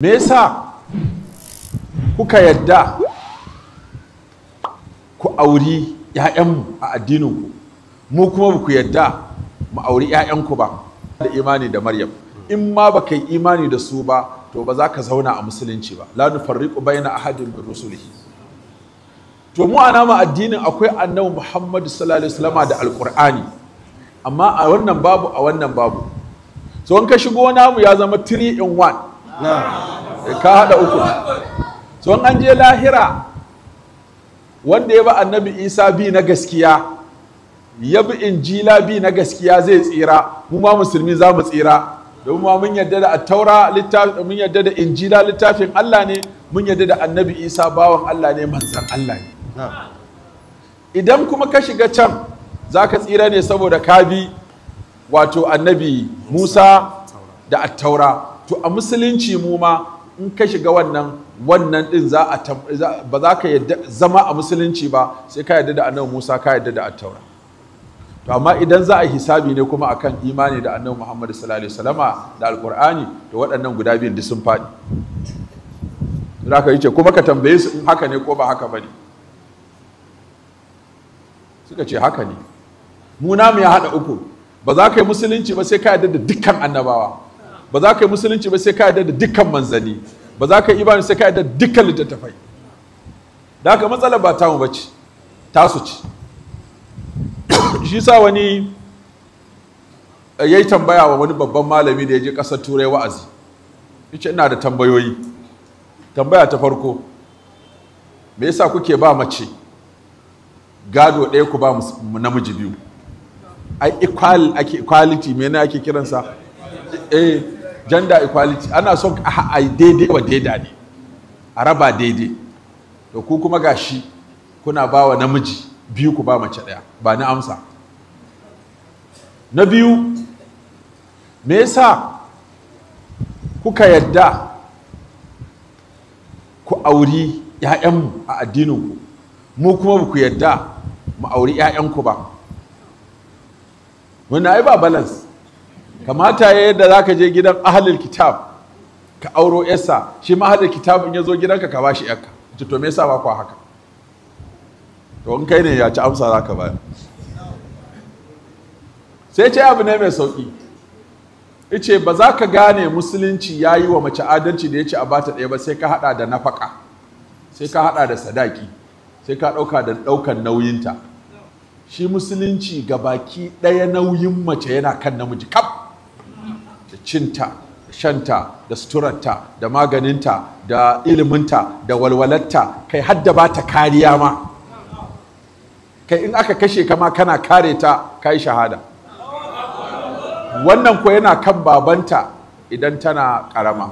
me yasa kuka yadda ku auri 'ya'yanmu a addininku mu kuma ba ku yadda mu auri 'ya'yanku ba da imani da maryam in ma ba kai imani da su ba to ba za ka zauna a musulunci ba la nufarriqu baina ahadin min rusulihi to mu a nama addinin akwai annabi muhammadu sallallahu alaihi wasallam da alqur'ani amma a wannan babu a wannan babu so in ka shigo namu ya zama 3 in 1 ka haɗa uku so an je lahira wanda ya bi annabi isa bi na gaskiya ya bi injila bi na gaskiya zai tsira mu ma musulmi za mu tsira domin ma mun yadda da taura littafin mun yadda da injila littafin Allah ne mun yadda da annabi isa bawan Allah ne manzan Allah ne idan kuma ka shiga can za ka tsira ne saboda ka bi wato annabi musa da attaura to a musulunci mu ma in ka shiga wannan wannan din za a ba za ka yadda zama a musulunci ba sai ka yadda da annabi Musa ka yadda da attaura to amma idan za a hisabi ne kuma akan imani da annabi Muhammad sallallahu alaihi wasallama da alqur'ani to waɗannan guda biyun duk sun faɗi zaka yace kuma ka tambaye su in haka ne ko ba haka bane suka ce haka ne mu ya hada uku ba za ka yi musulunci ba sai ka yadda da dukkan annabawa ba za ka yi musulunci ba sai ka yadda da dukkan manzanni ba za ka yi imani sai ka yadda da dukkan littattafai da haka matsalar ba tamu Ta tasu ce shi sa wani eh, yi tambaya wa wani babban malami da ya je ƙasar turai wa'azi yace ina da tambayoyi tambaya ta farko me yasa kuke ba mace gado ɗaya ku ba namiji biyu ai equality me ne ake kiransa eh gender equality ana son a daidai wa daida a raba daidai da ku kuma gashi kuna ba wa namiji biyu ku ba mace ɗaya ba na amsa na biyu me yasa kuka yadda ku auri 'ya'yanmu a addininku mu kuma ku yadda mu auri 'ya'yanku ba wanda ai ba balance kamata ya yadda za ka je gidan ahalil kitab ka auro yasa shi ma kitab in ya zo gidanka ka ba shi yarka ce to me yasa ba kwa haka to in kai ne ya ci amsa za ka bayar sai ce abu ne mai sauki ice ba za ka gane musulunci ya yi wa mace adalci da ya ce a bata ɗaya ba sai ka haɗa da nafaka sai ka haɗa da sadaki sai ka ɗauka da ɗaukan nauyinta shi musulunci ga baki ɗaya nauyin mace yana kan namiji kaf cinta shanta da suturarta da maganinta da iliminta da walwalarta kai hadda ba ta kariya ma kai in aka kashe kama kana kare ta kai shahada wannan ko yana kan babanta idan tana karama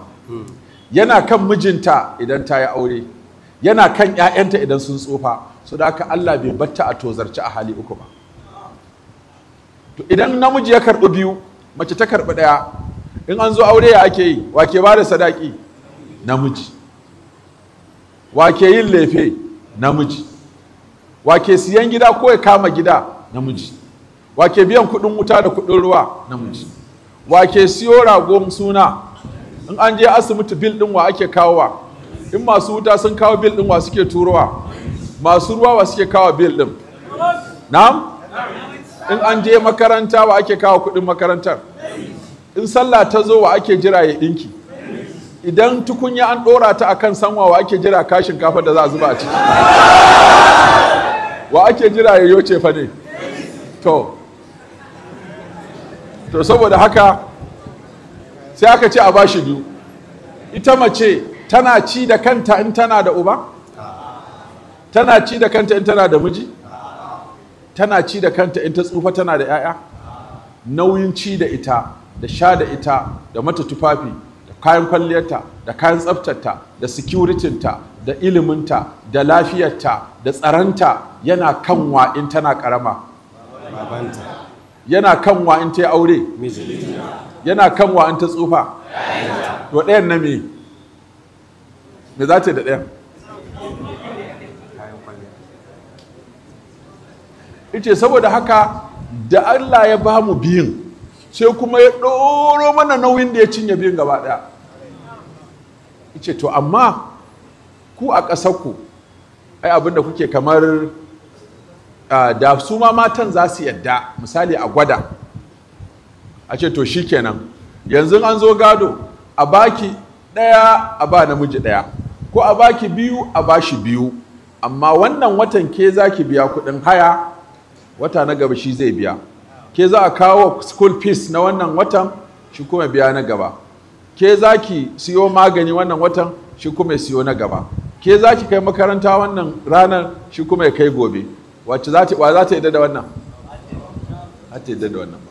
yana kan mijinta idan ta yi aure yana kan 'ya'yanta idan sun tsufa su da aka Allah bai batta a tozarci a hali uku ba idan namiji ya karɓi biyu mace ta karɓi ɗaya in an zo aure ya ake yi ke ba da sadaki namiji Wa ke yin lefe namiji Wa ke siyan gida ko ya kama gida namiji Wa ke biyan kudin wuta da kudin ruwa namiji Wa ke siyo ragon suna in an je asibiti bil din wa ake kawowa in masu wuta sun kawo bil din wa suke turowa masu ruwa wa suke kawo bil din na'am in an je makaranta wa ake kawo kudin makarantar in sallah ta zo wa ake jira ya ɗinki idan tukunya an dora ta akan sanwa wa ake jira kashin kafa da za a zuba a ciki wa ake jira ya yoce fa ne to to saboda haka sai aka ce a bashi biyu ita mace tana ci da kanta in tana da uba tana ci da kanta in tana da miji tana ci da kanta in ta tsufa tana da 'ya'ya nauyin ci da ita da sha da ita da mata tufafi da kayan kwalliyarta da kayan tsaftarta da sikuritinta da iliminta da lafiyarta da tsaranta yana kanwa in tana karama yana kanwa in ta yi aure yana kanwa in ta tsufa to ɗayan na me me za ta da ɗayan ita saboda haka da Allah ya ba mu biyun sai kuma ya ɗoro mana nauyin da ya cinye biyun gaba ɗaya ice to amma ku a ƙasarku ai abinda kuke kamar da su ma matan za su yadda misali a gwada a ce to shikenan yanzu an zo gado a baki ɗaya a ba namiji ɗaya ko a baki biyu a ba shi biyu amma wannan watan ke za ki biya kuɗin haya wata na gaba shi zai biya ke za a kawo school fees na wannan watan shi kuma biya na gaba ke za ki siyo magani wannan watan shi kuma ya siyo na gaba ke za ki kai makaranta wannan ranar shi kuma ya kai gobe wacce za ta yi da wannan? ta yi da wannan